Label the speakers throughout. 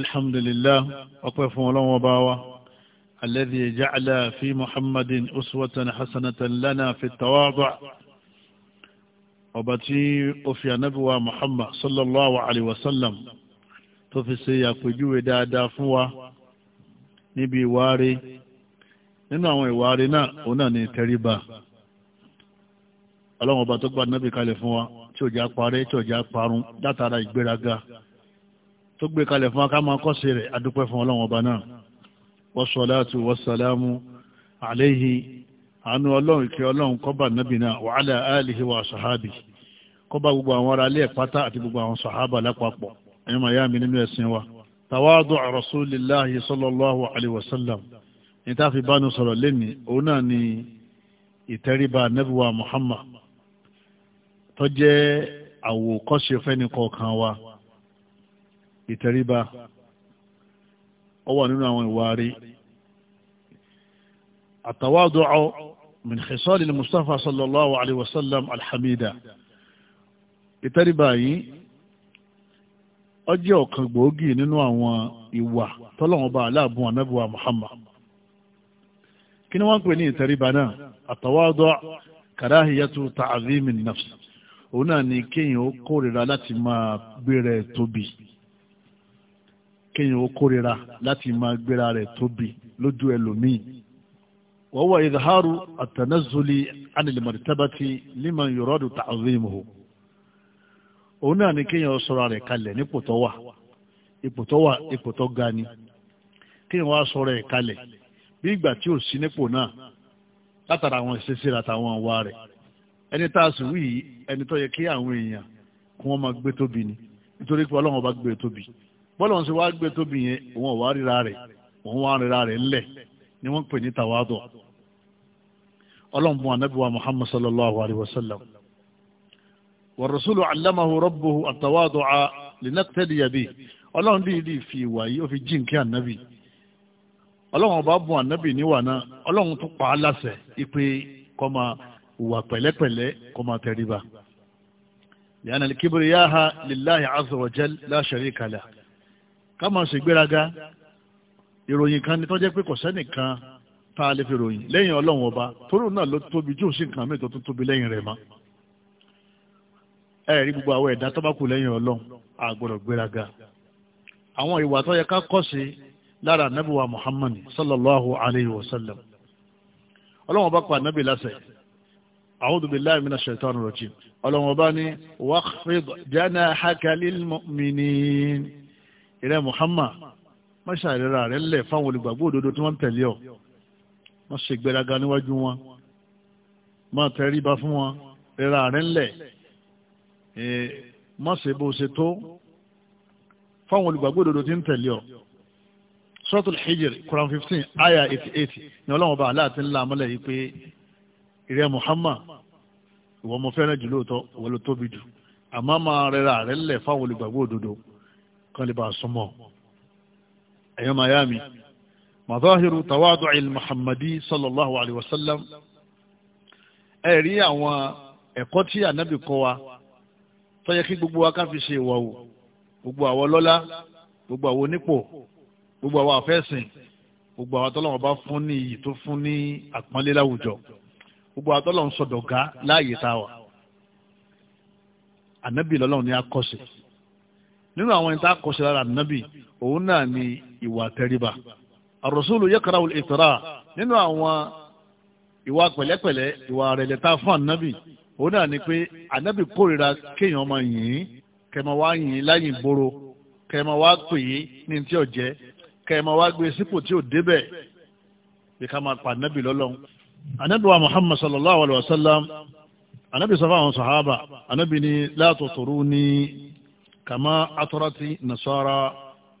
Speaker 1: alhamdulillah ọpẹ́ fún ọlọ́run ọba wa alladhi ja'ala fi muhammadin uswatan hasanatan lana fi tawadu' ọba tí ó fi ànábíwá muhammad sallallahu alaihi wasallam tó fi ṣe àpèjúwe dáadáa fún wa níbi ìwáre nínú àwọn ìwáre náà òun náà ni tẹríba ọlọ́run ọba tó gba nábì kalẹ̀ fún wa tí ò já parẹ́ tí ò já parun látara ìgbéraga tó gbé kalẹ̀ fún aká máa kọ́sẹ̀ rẹ̀ adúpẹ́ fún ọlọ́run ọba náà wassalatu wassalamu alayhi àánú ọlọ́run ìkẹ́ ọlọ́run kọ́bà nabina wa ala alihi wa sahabi kọ́bà gbogbo àwọn ará ilé pátá àti gbogbo àwọn sahaba lápapọ̀ ẹ̀yìn màá yá mi nínú ẹ̀sìn wa tawadu rasulillahi sallallahu alayhi wa ní tá a fi bánu sọ̀rọ̀ lẹ́ni òun náà ni ìtẹríba nabiwa muhammad tó jẹ́ àwòkọ́ṣe fẹ́ni kọ̀ọ̀kan wa ìtẹríba ó wà nínú àwọn ìwà rí àtàwádọ́ min khisal al-Mustafa sallallahu alayhi wa sallam alhamida ìtẹríba yìí ó jẹ́ ọ̀kan gbòógì nínú àwọn ìwà tọ́lọ́wọ́n bá aláàbùn anábùwà Muhammad kí ni wọ́n ń pè ní ìtẹríba náà àtàwádọ́ karahiyatu ta'azim nafs òun náà ni kéèyàn ó kórìíra láti máa gbé tóbi kéèyàn ó kórira láti máa gbéra rẹ̀ tóbi lójú ẹlòmíì wọ́wọ́ ìdáhàrú àtànázólì anìlẹ̀mọ̀tẹ́bàtì lima yòrọ́dù tààzímù òun náà ni kéèyàn sọ̀rọ̀ rẹ̀ kalẹ̀ nípò tó wà ipò tó wà ipò tó ga ni kéèyàn wá sọ̀rọ̀ rẹ̀ kalẹ̀ bí ìgbà tí ò sí nípò náà látara àwọn ìṣesí àtàwọn àwa rẹ̀ ẹni tá a sì wí yìí ẹni tó yẹ kí àwọn èèyàn kí wọ́n máa gbé tóbi ni nítorí pé ọlọ́run ọba gbé e tóbi bọ́lọ̀ ń ṣe wá gbé tóbi yẹn òun ọ̀wá ríra rẹ̀ òun wá ríra rẹ̀ ńlẹ̀ ni wọ́n pè ní tàwádọ̀ ọlọ́mùbọ̀n anábì wa muhammad sallallahu alayhi wa sallam wa rasulu allamahu rabbuhu àtàwádọ̀ a linaktadiya bi ọlọ́run dìídì fi ìwà yìí ó fi jí nkẹ́ ànábì ọlọ́run ọba bùn ànábì níwà náà ọlọ́run tó pa á láṣẹ ipe kọ́ wà pẹ̀lẹ́pẹ̀lẹ́ kọ́ máa yàrá kibiriyaha lillahi azza la sharika lahu ká máa ṣègbéraga ìròyìn kan ni tó jẹ́ pé kò sẹ́nìkan tá a lè fi ròyìn lẹ́yìn ọlọ́run ọba torí náà ló tóbi jù sí nǹkan mìíràn tó tóbi lẹ́yìn rẹ̀ mọ́ ẹ rí gbogbo àwọn ẹ̀dá tó bá kù lẹ́yìn ọlọ́run a gbọ́dọ̀ gbéraga àwọn ìwà tó yẹ ká kọ́ sí lára ànábì Muhammad sallallahu alayhi wa sallam ọlọ́run ọba pa ànábì láṣẹ a'udhu billahi minash shaitani rajim ọlọ́run ọba ìrẹ́ Muhammad má ṣàìlera rẹ lẹ̀ fáwọn olùgbàgbọ́ òdodo tí wọ́n ń tẹ̀lé ọ má ṣe gbéraga níwájú wọn má tẹríba fún wọn rẹra rẹ lẹ̀ má ṣe bó ṣe tó fáwọn olùgbàgbọ́ òdodo tí ń tẹ̀lé ọ suratul hijr quran fifteen aya eighty eight ni ọlọ́run aláàtí ńlá amọ́lẹ̀ yìí pé ìrẹ́ Muhammad ìwọ mo fẹ́ràn jù lóòótọ́ ìwọ ló tóbi jù àmọ́ máa rẹra rẹ lẹ̀ fáwọn olùgbàgbọ́ òdodo kan lè bá a súnmọ́ ẹ̀yọ́ miami mazahiru tawadu'il muhammadi sallallahu alaihi wasallam ẹ̀rí àwọn ẹ̀kọ́ tí ànábì kọ́ wa tó yẹ kí gbogbo wa ká fi ṣe ìwà o gbogbo àwọn lọ́lá gbogbo àwọn onípò gbogbo àwọn àfẹ́sìn gbogbo àwọn tọ́lọ́wọ́n bá fún ní iyì tó fún ní àpọ́nlé láwùjọ gbogbo àwọn tọ́lọ́wọ́n sọ̀dọ̀gá láàyè tá a wà ànábì lọ́lọ́run ni a kọ́ sí i nínú àwọn ìta kọsí lára nàbì òun náà ni ìwà tẹríba àròsúlù yẹ́kara ìtara nínú àwọn ìwà pẹ̀lẹ́pẹ̀lẹ́ ìwà rẹ̀lẹ̀ tá a fún ànábì òun náà ni pé ànábì kórìíra kéèyàn máa yìn ín kẹmọ wá yìn ín láyìn gbòòrò kẹmọ wá pè yín ní tí ò jẹ kẹmọ wá gbé e sípò tí ò débẹ̀ bí máa pa ànábì lọ́lọ́run ànábì wa muhammad sallallahu alayhi wa sallam ànábì sọ àwọn sàhábà ànábì ni la tuturuni. Kama atọ́rọ́tì nasara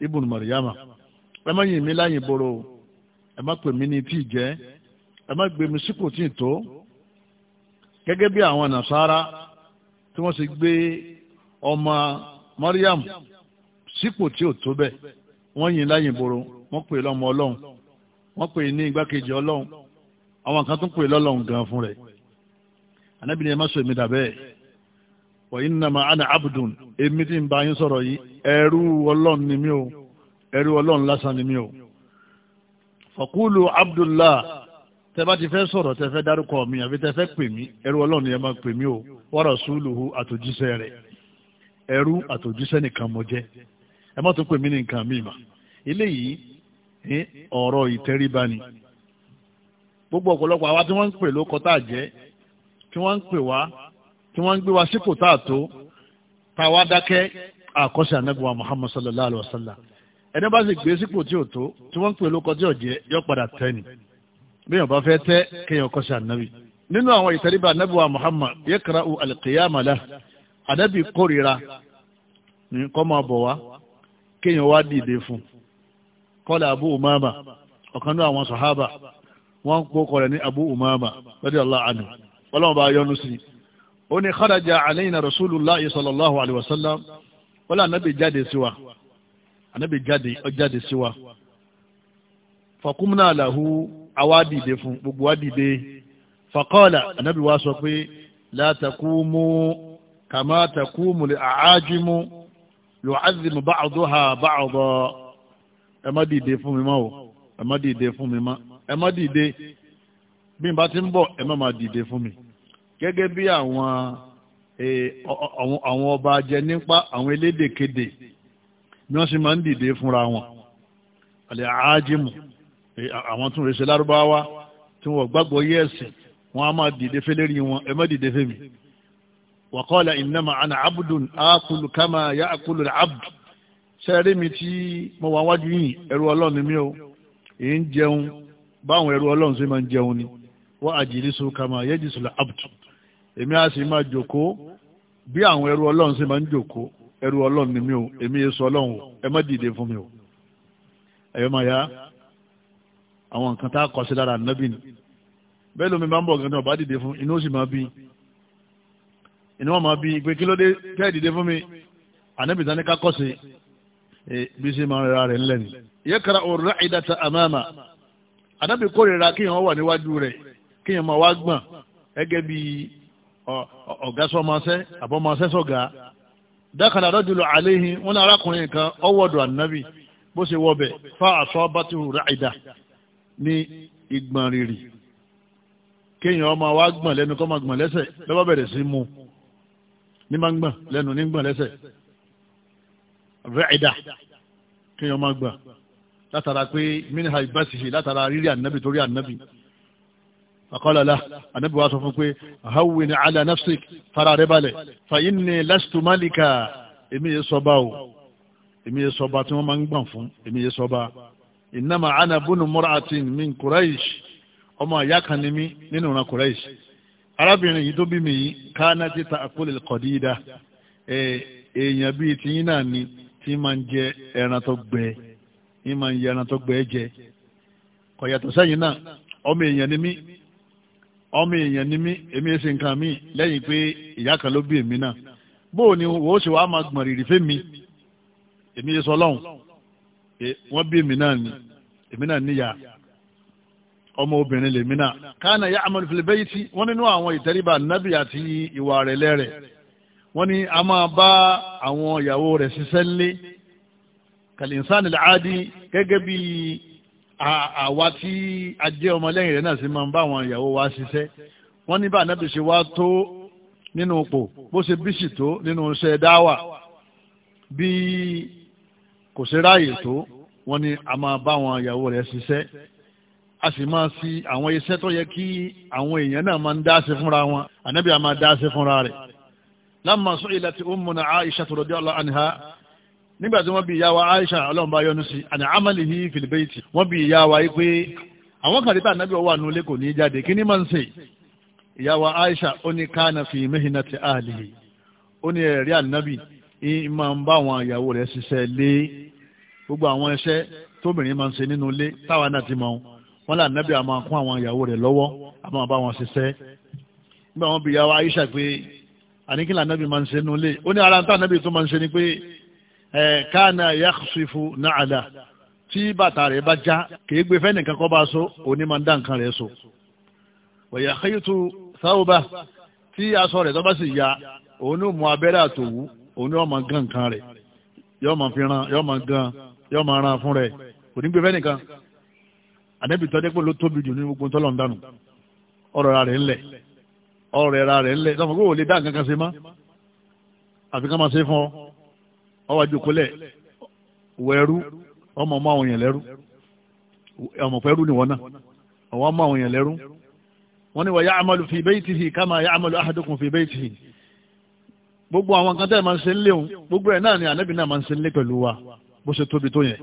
Speaker 1: ibùn mariama ẹ má yìn mí láyìn boro ẹ má pè mí ní tí ì jẹ́ ẹ má gbé mi sípò tí ì tó gẹ́gẹ́ bí àwọn nasara tí wọ́n sì gbé ọmọ mariam sípò tí ò tó bẹ́ẹ̀ wọ́n yìn láyìn boro wọ́n pè lọ́mọ ọlọ́run wọ́n pè ní igbákejì ọlọ́run àwọn kan tún pè lọ́lọ́run gan fún rẹ̀ anábìnrin ẹ má sọ èmi dà bẹ́ẹ̀. wa innama ana abdun èmi tí ń bá yín sọ̀rọ̀ yìí ọlọ́run ni mí o ẹrú ọlọ́run lásán ni mí o tẹ bá ti fẹ́ sọ̀rọ̀ tẹ fẹ́ dárúkọ mi àbí tẹ fẹ́ pè mí ẹrú ọlọ́run ni ẹ máa pè mí o wara rasuluhu àtòjíṣẹ́ rẹ̀ ẹrú àtòjíṣẹ́ nìkan mo jẹ́ ẹ má tó pè mí ní nǹkan mi mà eléyìí ọ̀rọ̀ ni gbogbo ọ̀pọ̀lọpọ̀ àwa tí wọ́n ń pè ló tí wọ́n ń gbé wa sípò tá a tó tá a wá dákẹ́ àkọ́sẹ̀ anábìwá Muhammad sallallahu alayhi wa sallam ẹni bá sì gbé sípò tí ò tó tí wọ́n ń pè lóko tí ò jẹ́ yọ padà tẹ́ ni bẹ́ẹ̀ bá fẹ́ tẹ́ kéèyàn kọ́sẹ̀ anábì nínú àwọn ìtẹ́ríbà anábìwá Muhammad yẹ́kara al-qiyama la anábì kórìíra ní kọ́ máa bọ̀ wá kéèyàn wá dìde fún kọ́lá Abu Umama ọ̀kan náà àwọn sàhábà wọ́n ń pọ́kọ̀ ní Abu Umama radiyallahu anhu ọlọ́run bá ó ní kharaja alayna rasulullah sallallahu alayhi wa sallam wọ́n lé ànábì jáde sí wa ànábì jáde ó jáde sí wa fakumna lahu àwa dìde fún gbogbo wa dìde faqala ànábì wa sọ pé la takumu kama takumu li a'ajimu yu'azzimu ba'daha ba'da ẹ má fún mi mọ́ o fún mi mọ́ ẹ bí n bá ti ń bọ̀ ẹ máa dìde fún mi gẹ́gẹ́ bí àwọn e, àwọn ọba jẹ nípa àwọn elédèkedè bí wọ́n sì máa ń dìde fúnra wọn àlẹ́ àájìmù e, àwọn tún rèsè lárúbáwá tí wọ́n gbàgbọ́ yé ẹ̀sìn wọn a máa dìde fẹ́lẹ́rì wọn ẹ má dìde fẹ́mi wa qala innama ana akulu kama ya'kulu al-abd sẹ́rí mi tí mo wà wájú yìí ẹrú ọlọ́run ni mí èyí ń jẹun báwọn ẹrú ọlọ́run ṣe máa ń jẹun ni wa ajlisu kama yajlisu al-abd èmi á sì máa jòkó bí àwọn ẹrú ọlọ́run ṣe máa ń jòkó ẹrú ọlọ́run ni mi ò èmi yé sọ ọlọ́run ẹ má dìde fún mi o ẹ̀yọ́ máa ya àwọn nǹkan tá a kọ́ sí lára ànábì ni bẹ́ẹ̀ lómi máa ń bọ̀ gan náà bá dìde fún inú ó sì máa bí inú wọn máa bí pé kí ló dé tẹ́ dìde fún mi ànábì tán ní ká kọ́ sí bí ṣe máa ń ra rẹ̀ ńlẹ̀ ni. yẹ́kara òrùra ìdàtà àmàmà ànábì kórìíra kí èèyàn wà níwájú rẹ̀ kí èèyàn máa wá gbọ̀n gẹ́gẹ́ bíi ọ̀gá sọmọṣẹ́ àbọ̀mọṣẹ́ sọ̀gá dákàlà rọ́jùlọ àléhìn wọn arákùnrin kan ọwọ́dọ̀ annabi bó ṣe wọbẹ̀ fa àṣọ bátìrù ráìdà ní ìgbọ̀n rírì kéèyàn ọmọ wa gbọ̀n lẹ́nu kọ́ máa gbọ̀n lẹ́sẹ̀ lọ́wọ́ bẹ̀rẹ̀ sí mu ní máa gbọ̀n lẹ́nu ní gbọ̀n lẹ́sẹ̀ ráìdà kéèyàn máa gbọ̀n látara pé mínú àìbáṣiṣe látara rírí torí fàkọ́lá lá ànábì wa sọ fún pé hawwin ala nafsik fara rẹ balẹ̀ fa inni lastu malika èmi yẹ sọba o èmi yẹ sọba tí wọ́n máa ń gbọ̀n fún èmi yẹ sọba innama ana bunu mur'atin min quraish ọmọ ìyá kan ni mí nínú ìran quraish arábìnrin yìí tó bí mi yìí káná ti ta àkólè kọ̀dídà èèyàn bíi tiyín náà ni tí máa ń jẹ ẹran tó gbẹ ní máa ń jẹ ẹran tó gbẹ jẹ kò sẹ́yìn náà ọmọ èèyàn ni mí ọmọ èèyàn ni mí èmi èsì nǹkan mi lẹ́yìn pé ìyá kan ló bí èmi náà bóò ni wò ó ṣe wàá máa gbọ̀n rìrì fẹ́mi èmi yé sọ lọ́hùn bí èmi náà ni èmi náà níyà ọmọ obìnrin lèmi náà káàna ya amadu filibeyi ti wọ́n nínú àwọn ìtẹríba nábì àti ìwà rẹ̀ lẹ́rẹ̀ wọ́n ní a máa bá àwọn ìyàwó rẹ̀ ṣiṣẹ́ ńlé kàlínsánilá áádì gẹ́gẹ́ bíi àwa tí a jẹ́ ọmọlẹ́yìn rẹ̀ náà sì máa ń bá àwọn ìyàwó wa ṣiṣẹ́ wọ́n ní bá ànábì ṣe wá tó nínú ipò bó ṣe bíṣì tó nínú iṣẹ́ dáwà bí kò ṣe ráàyè tó wọ́n ní a máa bá àwọn ìyàwó rẹ̀ ṣiṣẹ́ a sì máa fi àwọn iṣẹ́ tó yẹ kí àwọn èèyàn náà máa ń dá sí fúnra wọn ànábì a máa dá sí fúnra rẹ̀ lamma su'ilat ummuna Aisha radiyallahu anha nígbà tí wọ́n bí ìyá wa Aisha ọlọ́run bá yọ́nú sí àni amali yìí filibeeti wọ́n bí ìyá wa yìí pé àwọn kan títà nábì ọwọ́ àánú lẹ́kọ̀ọ́ ní jáde kí ni máa ń ṣe ìyá wa Aisha ó ní kánà fi mẹ́hìnà ti ahlihi ó ní ẹ̀rí ànábì ní máa ń bá àwọn ìyàwó rẹ̀ ṣiṣẹ́ lé gbogbo àwọn iṣẹ́ tóbìnrin máa ń ṣe nínú ilé táwọn náà ti mọ wọn là nábì àmọ́ kún àwọn ìyàwó rẹ̀ lọ́wọ́ àmọ́ bá wọn ṣiṣẹ́ wa Aisha pé àníkìlà nábì máa ń ṣe nínú ilé ó ní ara káàna yakhsifu náàlà tí bàtà rẹ̀ bá já kìí gbé fẹ́ nìkan kọ́ bá so òní máa ń dá nǹkan rẹ̀ so wọ̀yà xeyìtú sáwùbá tí aṣọ rẹ̀ tó bá sì ya òun ó mú abẹ́rẹ́ àtòwú òun yóò máa gán nǹkan rẹ̀ yóò máa fi ran yóò máa gán yóò máa ran fún rẹ̀ kò ní gbé fẹ́ nìkan ànẹ́bì tọ́dẹ́pọ̀ ló tóbi jù ní gbogbo tọ́lọ̀ ń dànù ọ̀rọ̀ rẹ̀ ńlẹ̀ ọ̀rọ̀ rẹ̀ ńlẹ̀ tọ́mọ̀ kó wò lè dá nǹkan kan ṣe mọ́ ọwọ́ àjòkólẹ̀ wẹ̀rú ọmọ ọmọ àwọn èèyàn lẹ́rú ọmọ pẹ́rú ni wọ́n náà ọwọ́ ọmọ àwọn èèyàn lẹ́rú wọ́n ní wa ya'malu fi baytihi kama ya'malu ahadukum fi baytihi gbogbo àwọn kan tẹ́ ẹ̀ máa ń ṣe ń léwu gbogbo ẹ̀ náà ni ànábì náà máa ń ṣe ń lé pẹ̀lú wa bó ṣe tóbi tó yẹn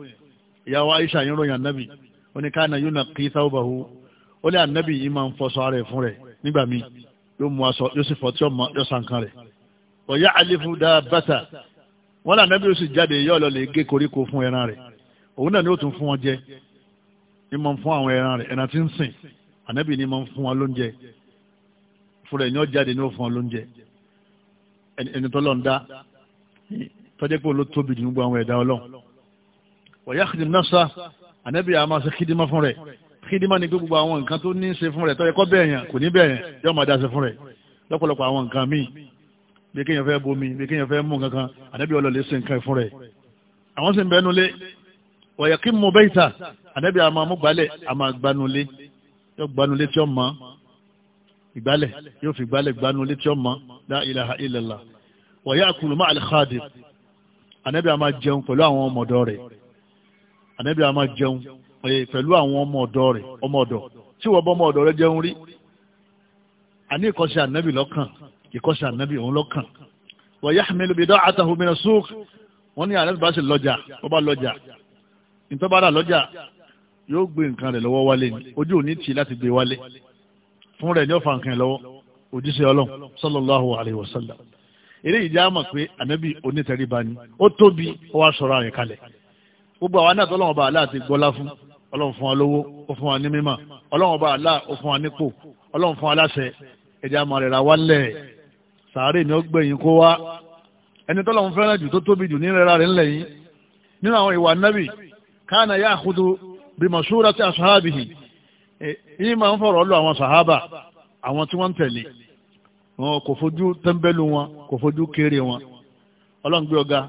Speaker 1: ìyàwó Aisha yín ròyìn ànábì ó ní káàna yóò náà kí sáwọ́bàwò ó lé ànábì yìí máa ń fọṣọ ara ẹ̀ fún rẹ̀ nígbà míì yóò mú aṣọ yóò sì fọ tí yóò sànkan rẹ̀ ọ̀yá àlefu dáa bàtà wọ́n lànà bí ó sì jáde yọ́ lọ lè gé koríko fún ẹran rẹ̀ òun náà ni ó tún fún wọn jẹ ní mọ̀ fún àwọn ẹran rẹ̀ ẹran tí ń sìn ànábì ní mọ̀ fún wọn lóúnjẹ fún rẹ̀ ní ó jáde ni ó fún wọn lóúnjẹ ẹni tó lọ́n dá tọ́jẹ́ pé ló tóbi gbogbo àwọn ẹ̀dá ọlọ́run wọ̀nyá kìdìm náà sá ànábì àmọ́ sí kìdìmọ́ fún rẹ̀ kìdìmọ́ ni gbogbo àwọn nǹkan tó ní í ṣe fún rẹ̀ tọ́jẹ́ kọ́ bẹ́ẹ̀ yẹn kò ní bẹ́ẹ̀ yẹn yọ́ bí kéèyàn fẹ́ bomi bí kéèyàn fẹ́ mú kankan ànábì ọlọ́lẹ̀ ṣe nǹkan fún rẹ̀ àwọn sì ń bẹnu lé wọ̀yẹ̀ kí mo bẹ́ẹ̀ ta ànábì àmọ́ amúgbálẹ̀ àmọ́ agbanulé yóò gbanulé tí ó mọ́ ìgbálẹ̀ yóò fi gbálẹ̀ gbanulé tí ó mọ́ la ilaha illallah wọ̀yẹ̀ àkùlù má alìkáàdì ànábì àmọ́ jẹun pẹ̀lú àwọn ọmọ ọ̀dọ́ rẹ̀ ànábì àmọ́ jẹun pẹ̀lú àwọn ọmọ ọ̀dọ́ rẹ̀ ọmọ ọ̀dọ́ tí wọ́n bọ́ ọmọ rẹ̀ jẹun rí àní ìkọ́sẹ̀ ànábì lọ́kàn ìkọ́ṣà ànábì òun lọ́kàn wa yahmilu bida'atahu min as-suq wọ́n ní ànábì bá sì lọ́jà ó bá lọ́jà ìtọ́bára lọ́jà yóò gbé nǹkan rẹ̀ lọ́wọ́ wálé ni ojú òní tì láti gbé wálé fún rẹ̀ ní ọ̀fà nǹkan lọ́wọ́ òjíṣẹ́ ọlọ́run sallallahu alayhi wa sallam eré ìjà mọ̀ pé ànábì onítẹ̀ríba ni ó tóbi ó wá sọ̀rọ̀ àyè kalẹ̀ gbogbo àwọn náà tọ́lọ́wọ́n bá aláà ti gbọ́lá fún ọlọ́run fún wa lówó ó fún wa ní mímọ̀ ọlọ́run bá aláà ó fún wa nípò ọlọ́run fún wa láṣẹ ẹ̀já máa rẹ̀ ra wálẹ̀ sàárè ni ó gbẹ̀yìn kó wá ẹni tọ́lọ̀ ń fẹ́ràn jù tó tóbi jù nílẹ̀ rẹ̀ ńlẹ̀ yìí nínú àwọn ìwà nábì káànà yá àkúdú bí mọ̀ṣúra tí aṣáábì hì yìí máa ń fọ̀rọ̀ lọ àwọn sàhábà àwọn tí wọ́n ń tẹ̀lé wọn kò fojú tẹ́ḿbẹ́lú wọn kò fojú kéré wọn ọlọ́ngbé ọ̀gá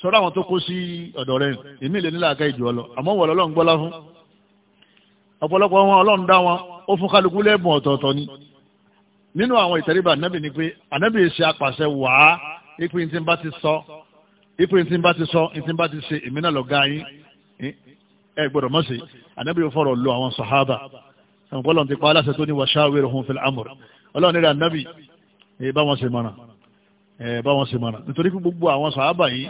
Speaker 1: sọ́dọ̀ àwọn tó kó sí ọ̀dọ̀ rẹ̀ èmi lè nílà àká ìjù àmọ́ wọ̀ lọ́lọ́ngbọ́lá fún ọ̀pọ̀lọpọ̀ wọn ọlọ́run dá wọn ó fún kálukú lẹ́bùn ọ̀tọ̀ọ̀tọ̀ ni nínú àwọn ìtẹríba ànábì ni pé ànábì ṣe apàṣẹ wàá ipò tí n bá ti sọ ipò tí n bá ti sọ tí n bá ti ṣe èmi náà lọ́ọ́ ga yín ẹ gbọ́dọ̀ mọ̀ sí ànábì fọ̀rọ̀ lo àwọn sàhábà ọ̀pọ̀lọ́n ti pa aláṣẹ tó ní washawirhum fil amr ọlọ́run nílẹ̀ ànábì bá wọn ṣe mọ̀nà bá wọn ṣe mọ̀nà nítorí pé gbogbo àwọn sàhábà yìí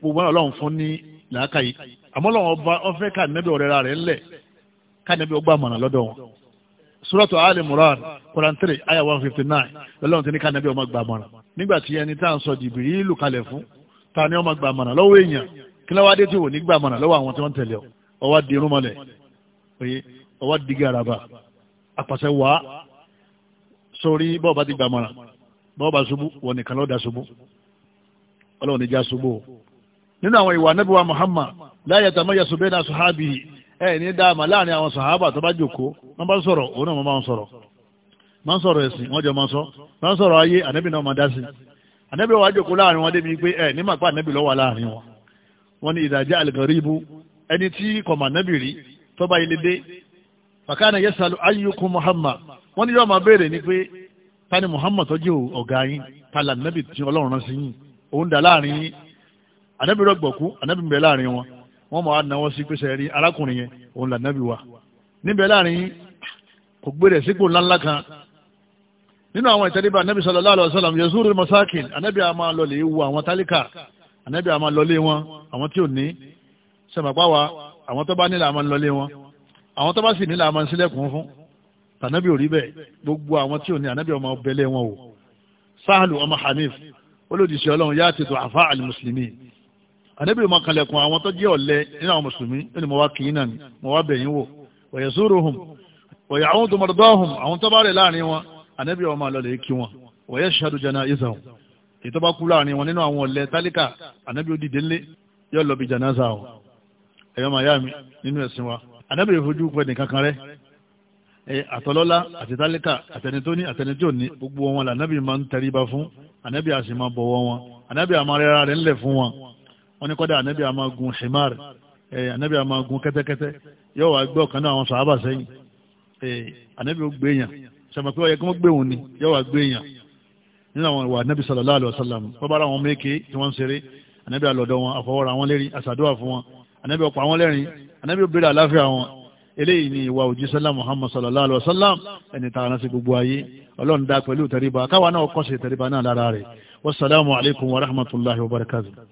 Speaker 1: gbogbo náà ọlọ́run fún ní làákàyè àmọ́ ọlọ́run ọba ọfẹ́ suratu ali muran quran three aya 159. fifty nine lọ́lọ́run ti ní ká nàbí ọmọ gbà mọ̀ràn nígbà tí ẹni tá à ń sọ jìbìrì ìlú kalẹ̀ fún ta ni ọmọ gbà mọ̀ràn lọ́wọ́ èèyàn kí lọ́wọ́ adé tí wò ní gbà mọ̀ràn lọ́wọ́ àwọn tí wọ́n ń tẹ̀lé ọ ọwọ́ di irun mọ́lẹ̀ oye ọwọ́ di garaba apàṣẹ wá sórí bọ́ọ̀bá ti gbà mọ̀ràn bọ́ọ̀bá ṣubú wọ̀ nìkan lọ́ọ́ da ṣubú ọlọ́run ní já ṣubú nínú àwọn ìwà anábíwá muhammad la yatamayyasu baina sahabihi e ní dáàmà láàrin àwọn sàhábà tó bá jòkó wọ́n bá ń sọ̀rọ̀ òun náà máa ń ń sọ̀rọ̀ ẹ̀sìn wọ́n sọ̀rọ̀ ayé ànẹ́bì náà máa dá sí ànẹ́bì wàá jòkó láàrin wọn débi pé ẹ nímà pa ànẹ́bì lọ́wọ́ láàrin wọn wọ́n ní ìdàjá àlùkàríbù ẹni tí kọ̀mà ànẹ́bì rí tó bá ilé Muhammad yóò ma béèrè ni pé ta ni Muhammad tó wọ́n máa náwó sí pèsè rí arákùnrin yẹn òun là nábì wa níbẹ̀ láàrin kò gbére sípò ńláńlá kan nínú àwọn ìtẹ́ríba anábì sallallahu alaihi wasallam yazuru masakin anábì a máa lọlé wo àwọn tálíkà anábì a máa lọlé wọn àwọn tí ò ní sẹ̀mọ̀pá wa àwọn tó bá nílà a máa lọlé wọn àwọn tó bá sì nílà a máa sílẹ̀kùn fún tànábì ò rí bẹ́ẹ̀ gbogbo àwọn tí ò ní anábì ọmọ ọbẹ̀lẹ̀ wọn o sáhàlù ọmọ hanif olódìsí ọlọ́run yá àti tó àfá àlùmùsùlùmí ànábì máa kalẹ̀kùn àwọn tó jẹ́ ọ̀lẹ nínú àwọn mùsùlùmí ẹni mo wá kì í náà ni mo wá bẹ̀yìn wò wọ̀yẹ̀ sóòrò hùm wọ̀yẹ̀ àwọn tó mọ̀dọ́dọ́ hùm àwọn tó bá rẹ̀ láàrin wọn ànábì wọn máa lọlẹ̀ kí wọn wọ̀yẹ̀ ṣáàdù janaza hùm èyí tó bá kú láàrin wọn nínú àwọn ọ̀lẹ tálíkà ànábì ó dìde ńlé yóò lọ bí janaza hùm ẹ̀yọ́ màá yá mi nínú ẹ̀sìn wa ànábì yóò fojú pẹ́ nìkan kan rẹ́ àtọlọ́lá àti tálíkà àtẹnitóní àtẹnitóní gbogbo wọn lànábì máa ń tẹríba fún ànábì àṣìmá bọ̀wọ̀ wọn ànábì àmàrẹ́ra rẹ̀ ńlẹ̀ fún wọn wọ́n ní kọ́dà ànábì àmà gun himar ànábì àmà gun kẹ́tẹ́kẹ́tẹ́ yóò wá gbé ọ̀kan náà àwọn sàábà sẹ́yìn ànábì ó gbé yàn sàmà pé ọ̀yẹ́ kí wọ́n gbé òun ni yóò wá gbé yàn nínú àwọn ìwà ànábì sallallahu alaihi wasallam wọn méke tí wọ́n ń ṣeré ànábì àlọ́dọ̀ wọn àfọwọ́ra wọn lérí àsàdúrà fún wọn ànábì ọ̀pọ̀ àwọn lẹ́rìn ànábì ó béèrè àláfíà wọn eléyìí ni ìwà òjísọ́lá muhammad sallallahu alaihi ẹni tààrà náà sí gbogbo ayé ọlọ́run dá pẹ̀lú tẹríba káwa náà kọ́ sí tẹríba náà lára rẹ̀ wassalamu alaikum wa rahmatullahi wa barakatuh